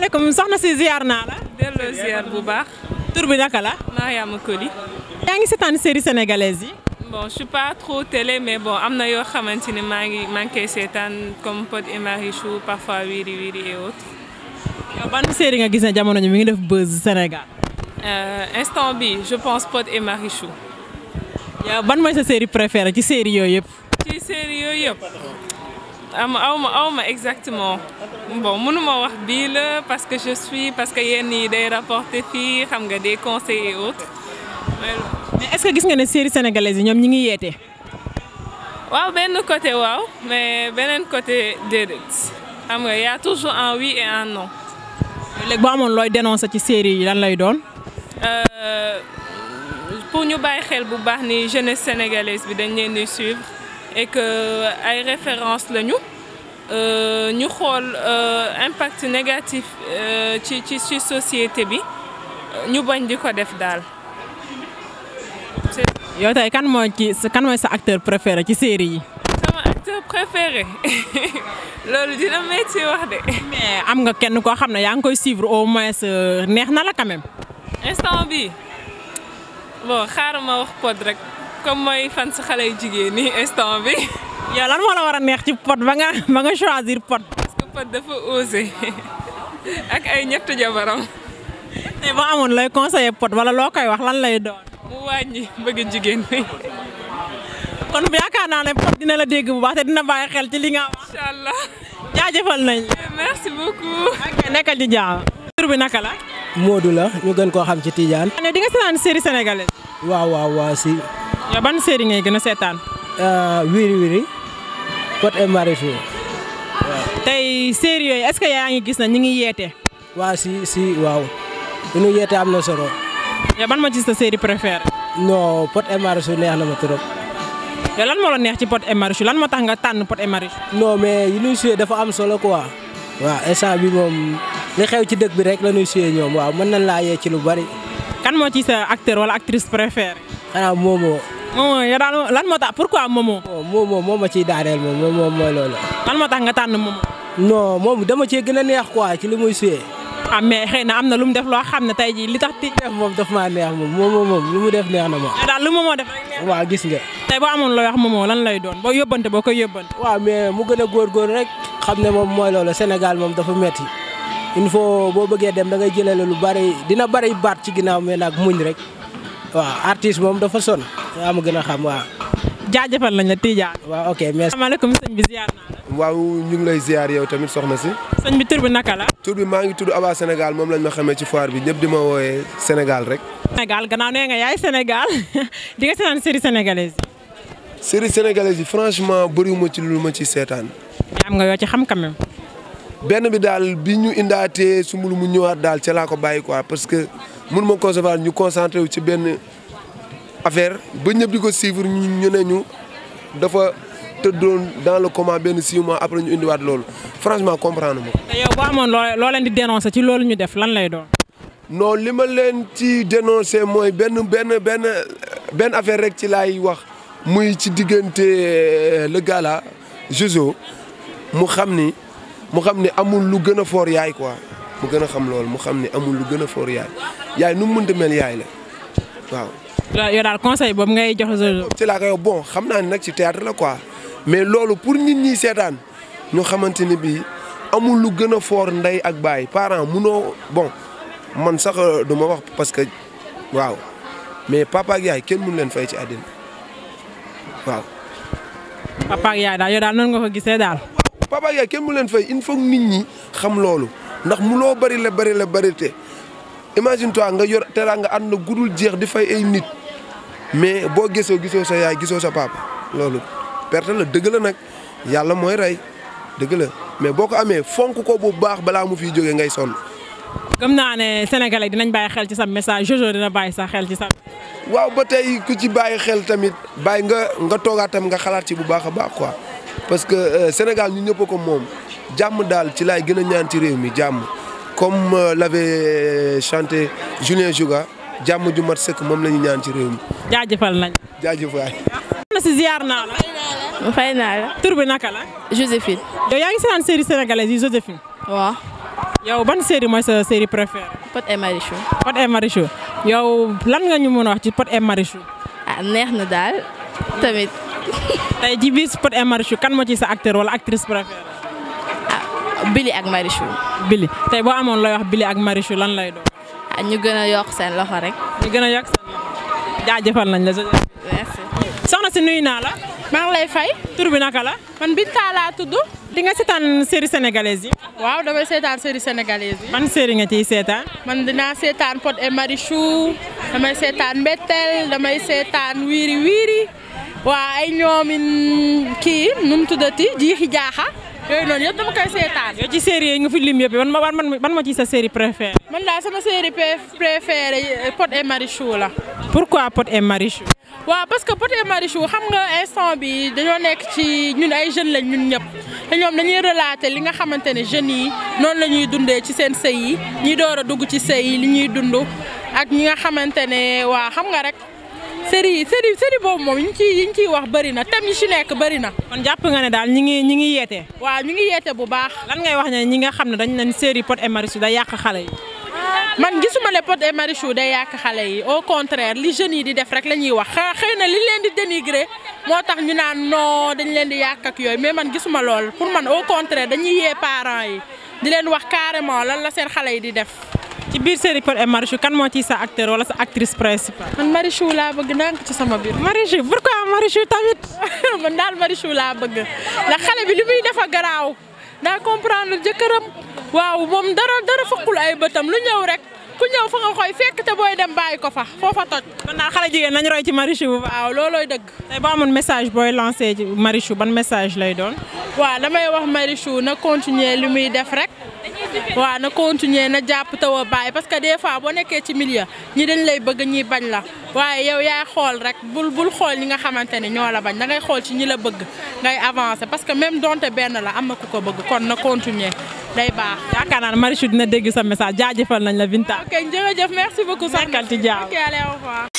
asalaamaaleykum soxna ci ziar na la. delo ziar bu baax. tour bi naka la. Mariama Koli. ya ngi seetaan série sénégalaise yi. bon je suis pas trop télé mais bon amna yo xamanteni ma ngi maa ngi comme Pod et chou parfois Wiri Wiri et autres. yow ban série nga gis ne jamono ñu mi ngi def buzz Sénégal. Euh, instant bi je pense Pod et chou ya ban moy sa série préférée ci série yooyu yëpp. ci série yooyu yëpp. am aw ma exactement bon mënuma wax bi la parce que je suis parce que yenn yi day rapporter fii xam nga des conseils et autres. mais est-ce que gis nga ne série sénégalaise yi ñoom ñi ngi yeete. waaw benn côté waaw mais beneen côté déedéet xam nga y a toujours un oui et un non. léegi boo amoon looy dénoncer ci série yi lan lay doon. Euh, pour ñu bàyyi xel bu baax ni jeunesse sénégalaise bi dañ leen di suivre et que ay références lañu. Euh, ñu xool euh, impact négatif euh, ci ci ci société bi ñu bañ di ko def daal. yow tey kan mooy ci kan mooy sa acteur préféré ci série yi. sama acteur préféré loolu dina métti wax de. mais am nga kenn koo xam ne yaa ngi koy suivre au moins neex na la quand même. instant bi bon xaaral ma wax pod rek comme mooy fan si xale yu jigéen nii instant bi yow ya, lan mo la wara neex ci pot ba nga ba nga choisir pot. parce que pot dafa osé ak ay ñett jabaram. tey ba amone lay conseiller pot wala lo koy wax lan lay doon. mu wañi bëgg jigen kon yaakaar naa ne pot dina la dégg bu baax té dina baye xel ci li nga wax. inshallah jaajeufal nañ. merci beaucoup. ak nekkal di jàmm. tour bi naka la. Modou la ñu gën ko xam ci Tidiane. ne di nga sétane série sénégalaise. waaw waaw waaw si. Ya ban série ngay gëna sétane seetaan. Euh, wiri wiri côté maraîcher tey série yooyu est-ce que yaa ngi gis na ñu ngi yeete waaw si si waaw ñu ñu yeete am na solo yow ban ma ci sa série préférée non Pod et Marichou neex na ma trop yow lan moo la neex ci Pod et lan moo tax nga tànn Pod et Marichou non mais yi ñuy dafa am solo quoi Wah esa bi moom li xew ci dëkk bi rek la ñuy suyee ñoom waaw mën nañ laa yee ci lu bari kan moo ci sa acteur wala actrice préférée xanaa Oh, ya daal lan moo tax pourquoi Momo. moom moom moo ma ciy daaneel moom moom mooy loolu. lan moo tax nga tànn Momo. non moom dama cee gën a neex quoi ci li muy suyee. ah mais xëy na am na lu mu def loo xam ne tey jii li tax ti. def moom daf maa neex moom moom moom lu mu def neex na mo. mais ya daal lu Momo def rek neex waaw gis nga. tey boo amoon looy wax Momo lan lay doon boo yóbbante boo koy yóbbante. mais mu gën a góorgóorlu rek. xam ne moom mooy loolu Sénégal moom dafa metti il faut boo bëggee dem da ngay jëlale lu bari dina bari baat ci ginnaaw mais nag muñ rek waaw artiste moom dafa son yaa ma gën a xam waaw. jaajëfal nañ la Tidiane. waa ok merci. asalaamaaleykum sëñ bi ziar naa waaw ñu ngi lay ziar yow tamit soxna si. sëñ bi tur bi naka la. tur bi maa ngi tudd Aba Sénégal moom lañ ma xamee ci foire bi ñëpp di ma wooyee Sénégal rek. Sénégal gannaaw nee nga yaay Sénégal di nga seetaan série sénégalaise yi. série sénégalaise yi franchement bëriwuma ci lu ma ci seetaan. mais nga yoo ci xam quand benn bi daal bi ñu indaatee sumbul mu ñëwaat daal ca laa ko bàyyi parce que mun ma conserver ñu concentré wu ci benn. affaire ba ñëpp di ko ñu ñu ne ñu dafa tëddoon dans le comment benn six mois après ñu indiwaat loolu franchement comprendre moo te yow boo amoon loo leen di dénoncer ci loolu ñu def lan lay doon. non li ma leen ci dénoncer mooy benn benn benn benn affaire rek ci laay wax muy ci diggante euh, le gala Jojo mu xam ni mu xam ni amul lu gën a foor yaay quoi mu gën a xam loolu mu xam ni amul lu gën a foor yaay nu mu mënta mel yaay la waaw. yow daal conseil boobu ngay jox ci laa koy bon xam naa ne nag ci théâtre la quoi mais loolu pour nit ñi seetaan ñu xamante ni bii amul lu gën a foor ndey ak baay parent munoo bon man sax euh, du ma wax parce que waaw mais papa ak yaay kenn mun leen fay ci àddina waaw. papa ak yaay daal yow daal noonu nga ko gisee kenn mun leen fay il faut nit ñi xam loolu ndax muloo bari la bari la bari te imagine toi nga yor teraanga ànd na gudul jeex di fay ay nit. mais boo gisoo gisoo sa yaay gisoo sa papa loolu perte la dëgg la nag yàlla mooy rey dëgg la mais boo ko amee fonk ko bu baax balaa mu fiy jógee ngay sonn. gëm naa ne sénégalais dinañ bàyyi xel ci sa message Jojo dina bàyyi sa xel ci sa. waaw ba tey ku ci bàyyi xel tamit bàyyi nga nga toogaat tam nga xalaat ci bu baax a baax quoi parce que euh, Sénégal ñu ñëpp ko moom jàmm daal ci laay gën a ñaan ci réew mi jàmm comme euh, l'avait chanté Julien Jouga jàmm ju mat sëkk moom la ñu ñaan ci réew mi. jaajëfal nañ jaajëfal na si ziar naa la fay naa la tur bi naka la Joséphine yow yaa ngi seetaan série sénégalaise yi Joséphine waaw yow ban série mooy sa série préférée Pod et Marichou Pod et yow lan nga ñu mun a wax ci Pod et Marichou ah neex na daal tamit tey ci biir Pod et Marichou kan moo ci sa acteur wala actrice préférée ah, Billy ak Marichou. Billy tey boo amoon looy wax Billy ak Marichou lan lay doon. ah ñu gën a yokk seen loxo rek. jaajëfal nañ la. merci. soxna si nuyu naa la. maa lay fay. tur bi naka la. man Binta laa tudd. di nga seetaan série sénégalaise yi. waaw damay seetaan série sénégalaise yi. ban série nga ciy seetaan. man dinaa seetaan Pod et Marichou damay seetaan Mbettel damay seetaan Wiiri Wiiri waa ay ñoomin kii nu tuddati jiixi jaaxa. yooyu noonu yëpp dama koy seetaan. yow ci série yi nga fi lim yëpp man ma man man ma ci sa série préférée. man daal sama série préférée euh, Pod et Marichou la. pourquoi pot et Marichou. waa parce que Pod et Marichou xam nga instant bi dañoo nekk ci ñun ay jeunes lañ ñun ñëpp te ñoom dañuy relater li nga xamante ne jeunes yi noonu la ñuy dundee ci seen sëy yi ñuy door a dugg ci sëy yi li ñuy dund ak ñi nga xamante ne waa xam nga rek. série yi série série boobu moom yi ñu ciy yi ñu ciy wax bëri na thème yi ci nekk bëri na. kon jàpp nga ne daal ñi ngi ñi ngi yeete. waaw ñu ngi yeete bu baax. lan ngay wax ne ñi nga xam ne dañ nañ série Pod et Marichou day yàq xale yi. man gisuma ne Pod et Marichou yàq xale yi au contraire li jeunes yi di def rek la ñuy wax xëy na li leen di dénigré moo tax ñu naan non dañ leen di yàq ak yooyu mais man gisuma lool pour man au contraire dañuy yee parent yi di leen wax carrément lan la seen xale yi di def. ci biir série Pod et Marichou kan moo ciy sa acteur wala sa actrice principale. man Marichou laa bëgg ndànk ci sama biir. Marichou pourquoi Marichou tamit. man daal Marichou laa bëgg ndax xale bi li muy dafa garaaw daa comprendre jëkkëram waaw moom dara dara fokkul ay bëtam lu ñëw rek. ku ñëw fa nga koy fekk te booy dem bàyyi ko fa foofa toj. kon naa xale jigéen nañu roy ci Marichou. waaw loolooy dëgg. boo amoon message booy lancé ci ban message lay doon. waaw damay wax Marichou na continuer muy def rek. waaw na continuer na jàpp te a bàyyi parce que des fois boo nekkee ci milieu ñi dañ lay bëgg ñi bañ la waaye yow yaay xool rek bul bul xool ñi nga xamante ne ñoo la bañ da ngay xool ci ñi la bëgg ngay avancer parce que même donte benn la am na ku ko bëgg kon na continuer day baax. yaakaar naa ne Marichou dina dégg sa message jaajëfal nañ la Binta. ok jërëjëf merci beaucoup. soxna nekkal ci jaaw ok allez au